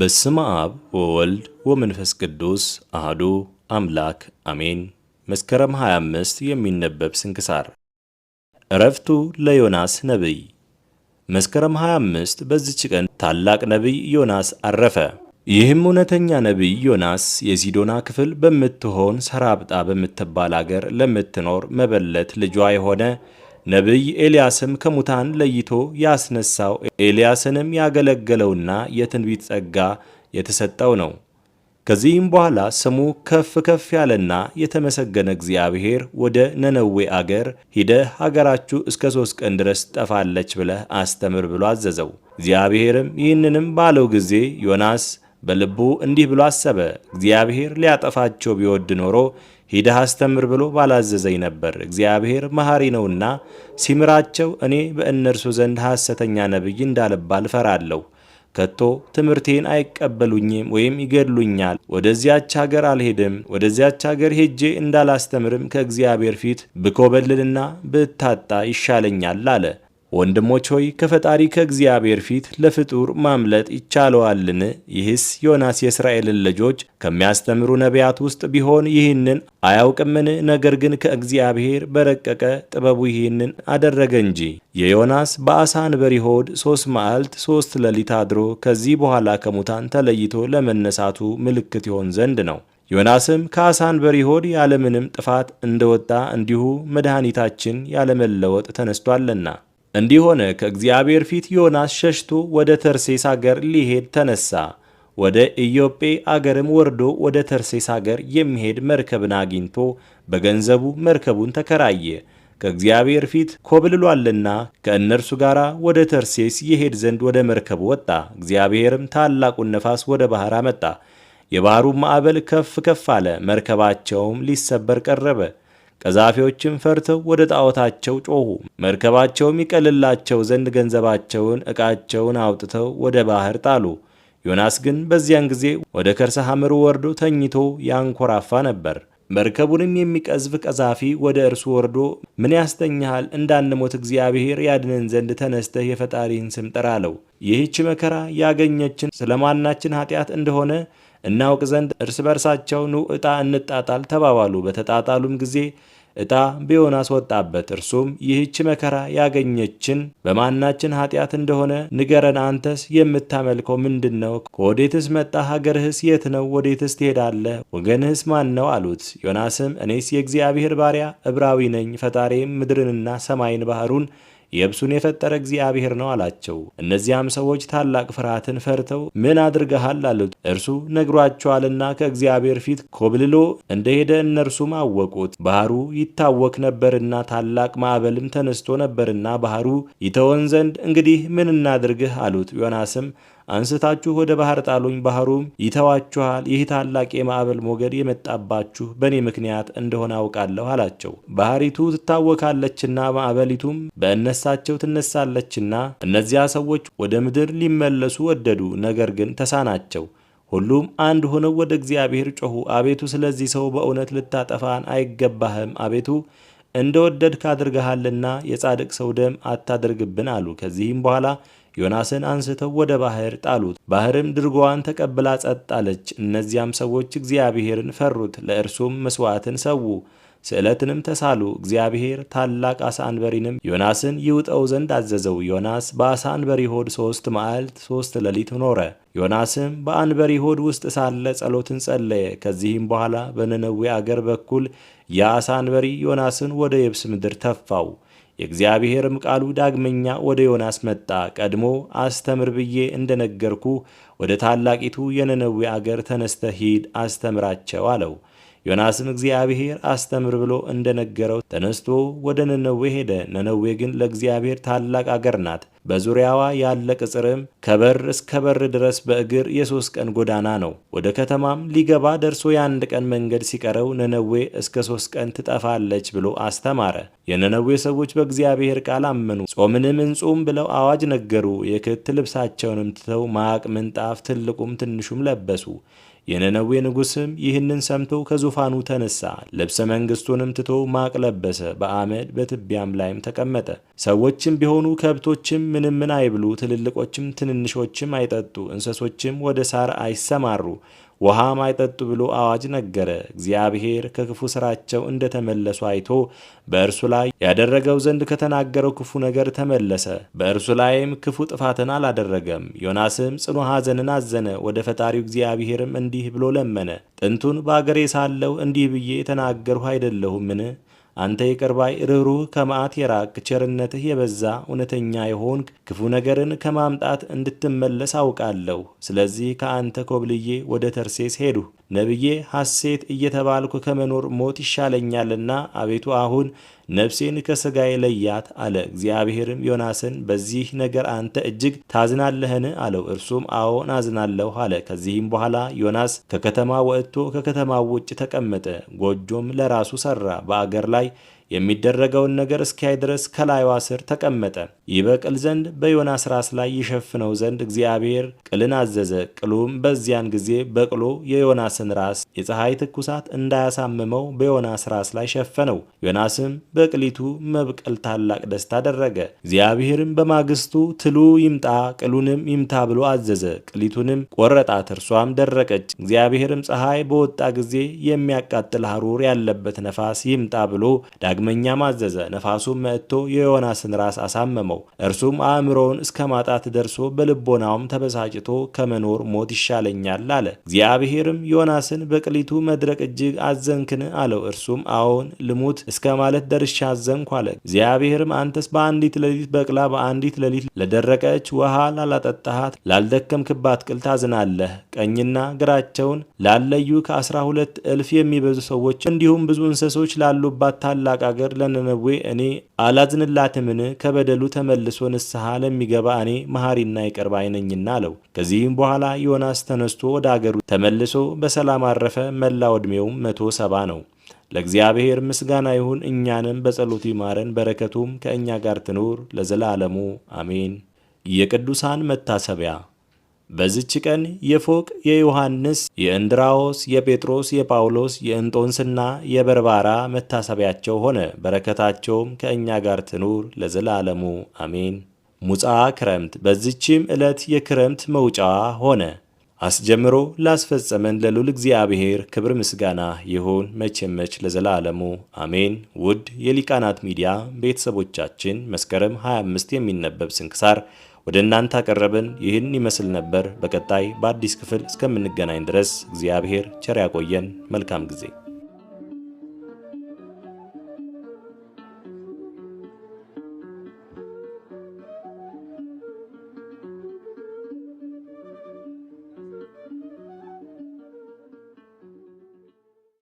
በስመ አብ ወወልድ ወመንፈስ ቅዱስ አህዱ አምላክ አሜን። መስከረም 25 የሚነበብ ስንክሳር። እረፍቱ ለዮናስ ነቢይ። መስከረም 25 በዚች ቀን ታላቅ ነቢይ ዮናስ አረፈ። ይህም እውነተኛ ነቢይ ዮናስ የሲዶና ክፍል በምትሆን ሰራብጣ በምትባል አገር ለምትኖር መበለት ልጇ የሆነ ነቢይ ኤልያስም ከሙታን ለይቶ ያስነሳው ኤልያስንም ያገለገለውና የትንቢት ጸጋ የተሰጠው ነው። ከዚህም በኋላ ስሙ ከፍ ከፍ ያለና የተመሰገነ እግዚአብሔር ወደ ነነዌ አገር ሂደህ አገራችሁ እስከ ሦስት ቀን ድረስ ጠፋለች ብለህ አስተምር ብሎ አዘዘው። እግዚአብሔርም ይህንንም ባለው ጊዜ ዮናስ በልቡ እንዲህ ብሎ አሰበ፣ እግዚአብሔር ሊያጠፋቸው ቢወድ ኖሮ ሂደህ አስተምር ብሎ ባላዘዘኝ ነበር። እግዚአብሔር መሐሪ ነውና ሲምራቸው እኔ በእነርሱ ዘንድ ሐሰተኛ ነቢይ እንዳልባል ፈራለሁ። ከቶ ትምህርቴን አይቀበሉኝም ወይም ይገድሉኛል። ወደዚያች ሀገር አልሄድም። ወደዚያች ሀገር ሄጄ እንዳላስተምርም ከእግዚአብሔር ፊት ብኮበልልና ብታጣ ይሻለኛል አለ። ወንድሞች ሆይ ከፈጣሪ ከእግዚአብሔር ፊት ለፍጡር ማምለጥ ይቻለዋልን? ይህስ ዮናስ የእስራኤልን ልጆች ከሚያስተምሩ ነቢያት ውስጥ ቢሆን ይህንን አያውቅምን? ነገር ግን ከእግዚአብሔር በረቀቀ ጥበቡ ይህንን አደረገ እንጂ። የዮናስ በአሳ አንበሪ ሆድ ሦስት መዓልት ሦስት ሌሊት አድሮ ከዚህ በኋላ ከሙታን ተለይቶ ለመነሳቱ ምልክት ይሆን ዘንድ ነው። ዮናስም ከአሳ አንበሪ ሆድ ያለምንም ጥፋት እንደወጣ እንዲሁ መድኃኒታችን ያለመለወጥ ተነስቷልና እንዲሆነ ከእግዚአብሔር ፊት ዮናስ ሸሽቶ ወደ ተርሴስ አገር ሊሄድ ተነሳ። ወደ ኢዮጴ አገርም ወርዶ ወደ ተርሴስ አገር የሚሄድ መርከብን አግኝቶ በገንዘቡ መርከቡን ተከራየ። ከእግዚአብሔር ፊት ኮብልሏልና ከእነርሱ ጋር ወደ ተርሴስ የሄድ ዘንድ ወደ መርከቡ ወጣ። እግዚአብሔርም ታላቁን ነፋስ ወደ ባህር አመጣ። የባሕሩ ማዕበል ከፍ ከፍ አለ። መርከባቸውም ሊሰበር ቀረበ። ቀዛፊዎችም ፈርተው ወደ ጣዖታቸው ጮኹ። መርከባቸውም ይቀልላቸው ዘንድ ገንዘባቸውን፣ ዕቃቸውን አውጥተው ወደ ባህር ጣሉ። ዮናስ ግን በዚያን ጊዜ ወደ ከርሰ ሐምሩ ወርዶ ተኝቶ ያንኮራፋ ነበር። መርከቡንም የሚቀዝፍ ቀዛፊ ወደ እርሱ ወርዶ ምን ያስተኝሃል? እንዳንሞት እግዚአብሔር ያድነን ዘንድ ተነስተህ የፈጣሪህን ስም ጥራ አለው። ይህች መከራ ያገኘችን ስለማናችን ኃጢአት እንደሆነ እናውቅ ዘንድ እርስ በርሳቸው ኑ ዕጣ እንጣጣል ተባባሉ። በተጣጣሉም ጊዜ ዕጣ በዮናስ ወጣበት። እርሱም ይህች መከራ ያገኘችን በማናችን ኃጢአት እንደሆነ ንገረን፣ አንተስ የምታመልከው ምንድን ነው? ከወዴትስ መጣ? ሀገርህስ የት ነው? ወዴትስ ትሄዳለህ? ወገንህስ ማን ነው? አሉት። ዮናስም እኔስ የእግዚአብሔር ባሪያ ዕብራዊ ነኝ። ፈጣሪም ምድርንና ሰማይን ባህሩን የብሱን የፈጠረ እግዚአብሔር ነው አላቸው። እነዚያም ሰዎች ታላቅ ፍርሃትን ፈርተው ምን አድርገሃል አሉት። እርሱ ነግሯቸዋልና ከእግዚአብሔር ፊት ኮብልሎ እንደሄደ እነርሱም አወቁት። ባህሩ ይታወክ ነበርና ታላቅ ማዕበልም ተነስቶ ነበርና ባህሩ ይተወን ዘንድ እንግዲህ ምን እናድርግህ አሉት። ዮናስም አንስታችሁ ወደ ባህር ጣሉኝ፣ ባህሩም ይተዋችኋል። ይህ ታላቅ የማዕበል ሞገድ የመጣባችሁ በእኔ ምክንያት እንደሆነ አውቃለሁ አላቸው። ባህሪቱ ትታወካለችና ማዕበሊቱም በእነሳቸው ትነሳለችና እነዚያ ሰዎች ወደ ምድር ሊመለሱ ወደዱ፣ ነገር ግን ተሳናቸው። ሁሉም አንድ ሆነው ወደ እግዚአብሔር ጮኹ። አቤቱ ስለዚህ ሰው በእውነት ልታጠፋን አይገባህም፣ አቤቱ እንደ ወደድክ አድርገሃልና የጻድቅ ሰው ደም አታድርግብን አሉ። ከዚህም በኋላ ዮናስን አንስተው ወደ ባህር ጣሉት። ባህርም ድርጓዋን ተቀብላ ጸጥ አለች። እነዚያም ሰዎች እግዚአብሔርን ፈሩት፣ ለእርሱም መስዋዕትን ሰዉ፣ ስዕለትንም ተሳሉ። እግዚአብሔር ታላቅ አሳ አንበሪንም ዮናስን ይውጠው ዘንድ አዘዘው። ዮናስ በአሳ አንበሪ ሆድ ሦስት መዓልት ሦስት ሌሊት ኖረ። ዮናስም በአንበሪ ሆድ ውስጥ ሳለ ጸሎትን ጸለየ። ከዚህም በኋላ በነነዌ አገር በኩል የአሳ አንበሪ ዮናስን ወደ የብስ ምድር ተፋው። የእግዚአብሔርም ቃሉ ዳግመኛ ወደ ዮናስ መጣ። ቀድሞ አስተምር ብዬ እንደነገርኩ ወደ ታላቂቱ የነነዌ አገር ተነስተ ሂድ አስተምራቸው አለው። ዮናስም እግዚአብሔር አስተምር ብሎ እንደነገረው ተነስቶ ወደ ነነዌ ሄደ። ነነዌ ግን ለእግዚአብሔር ታላቅ አገር ናት። በዙሪያዋ ያለ ቅጽርም ከበር እስከ በር ድረስ በእግር የሶስት ቀን ጎዳና ነው። ወደ ከተማም ሊገባ ደርሶ የአንድ ቀን መንገድ ሲቀረው ነነዌ እስከ ሶስት ቀን ትጠፋለች ብሎ አስተማረ። የነነዌ ሰዎች በእግዚአብሔር ቃል አመኑ። ጾምንም እንጹም ብለው አዋጅ ነገሩ። የክት ልብሳቸውንም ትተው ማቅ፣ ምንጣፍ፣ ትልቁም ትንሹም ለበሱ። የነነዌ ንጉሥም ይህንን ሰምቶ ከዙፋኑ ተነሳ፣ ልብሰ መንግሥቱንም ትቶ ማቅ ለበሰ፣ በአመድ በትቢያም ላይም ተቀመጠ። ሰዎችም ቢሆኑ ከብቶችም ምንምን ምን አይብሉ፣ ትልልቆችም ትንንሾችም አይጠጡ፣ እንስሶችም ወደ ሳር አይሰማሩ፣ ውሃም አይጠጡ ብሎ አዋጅ ነገረ። እግዚአብሔር ከክፉ ስራቸው እንደ ተመለሱ አይቶ በእርሱ ላይ ያደረገው ዘንድ ከተናገረው ክፉ ነገር ተመለሰ። በእርሱ ላይም ክፉ ጥፋትን አላደረገም። ዮናስም ጽኑ ሐዘንን አዘነ። ወደ ፈጣሪው እግዚአብሔርም እንዲህ ብሎ ለመነ። ጥንቱን በአገሬ ሳለሁ እንዲህ ብዬ የተናገርሁ አይደለሁምን? አንተ የቅርባይ ርኅሩህ፣ ከመዓት የራቅ ቸርነትህ የበዛ እውነተኛ የሆንክ ክፉ ነገርን ከማምጣት እንድትመለስ አውቃለሁ። ስለዚህ ከአንተ ኮብልዬ ወደ ተርሴስ ሄዱ ነቢዬ ሐሴት እየተባልኩ ከመኖር ሞት ይሻለኛልና አቤቱ አሁን ነፍሴን ከሥጋዬ ለያት አለ። እግዚአብሔርም ዮናስን በዚህ ነገር አንተ እጅግ ታዝናለህን? አለው። እርሱም አዎ ናዝናለሁ አለ። ከዚህም በኋላ ዮናስ ከከተማ ወጥቶ ከከተማው ውጭ ተቀመጠ። ጎጆም ለራሱ ሠራ፣ በአገር ላይ የሚደረገውን ነገር እስኪያይ ድረስ ከላይዋ ስር ተቀመጠ። ይበቅል ዘንድ በዮናስ ራስ ላይ ይሸፍነው ዘንድ እግዚአብሔር ቅልን አዘዘ። ቅሉም በዚያን ጊዜ በቅሎ የዮናስን ራስ የፀሐይ ትኩሳት እንዳያሳምመው በዮናስ ራስ ላይ ሸፈነው። ዮናስም በቅሊቱ መብቀል ታላቅ ደስታ አደረገ። እግዚአብሔርም በማግስቱ ትሉ ይምጣ ቅሉንም ይምታ ብሎ አዘዘ። ቅሊቱንም ቆረጣት፣ እርሷም ደረቀች። እግዚአብሔርም ፀሐይ በወጣ ጊዜ የሚያቃጥል ሐሩር ያለበት ነፋስ ይምጣ ብሎ ዳግመኛም አዘዘ። ነፋሱም መጥቶ የዮናስን ራስ አሳመመው። እርሱም አእምሮውን እስከ ማጣት ደርሶ በልቦናውም ተበሳጭቶ ከመኖር ሞት ይሻለኛል አለ። እግዚአብሔርም ዮናስን በቅሊቱ መድረቅ እጅግ አዘንክን? አለው። እርሱም አዎን ልሙት እስከ ማለት ደርሻ አዘንኩ አለ። እግዚአብሔርም አንተስ በአንዲት ሌሊት በቅላ በአንዲት ሌሊት ለደረቀች ውሃ ላላጠጣሃት ላልደከምክባት ቅል ታዝናለህ። ቀኝና ግራቸውን ላለዩ ከአስራ ሁለት እልፍ የሚበዙ ሰዎች እንዲሁም ብዙ እንስሶች ላሉባት ታላቅ አገር ለነነዌ እኔ አላዝንላትምን? ከበደሉ ተመልሶ ንስሐ ለሚገባ እኔ መሐሪና ይቅር ባይ ነኝና አለው። ከዚህም በኋላ ዮናስ ተነስቶ ወደ አገሩ ተመልሶ በሰላም አረፈ። መላው ዕድሜውም መቶ ሰባ ነው። ለእግዚአብሔር ምስጋና ይሁን። እኛንም በጸሎቱ ይማረን፣ በረከቱም ከእኛ ጋር ትኑር ለዘላለሙ አሜን። የቅዱሳን መታሰቢያ በዚች ቀን የፎቅ የዮሐንስ፣ የእንድራዎስ፣ የጴጥሮስ፣ የጳውሎስ፣ የእንጦንስና የበርባራ መታሰቢያቸው ሆነ። በረከታቸውም ከእኛ ጋር ትኑር ለዘላለሙ አሜን። ሙፃ ክረምት። በዚችም ዕለት የክረምት መውጫ ሆነ። አስጀምሮ ላስፈጸመን ለሉል እግዚአብሔር ክብር ምስጋና ይሁን መቼ መች ለዘላለሙ አሜን። ውድ የሊቃናት ሚዲያ ቤተሰቦቻችን መስከረም 25 የሚነበብ ስንክሳር ወደ እናንተ አቀረብን። ይህን ይመስል ነበር። በቀጣይ በአዲስ ክፍል እስከምንገናኝ ድረስ እግዚአብሔር ቸር ያቆየን። መልካም ጊዜ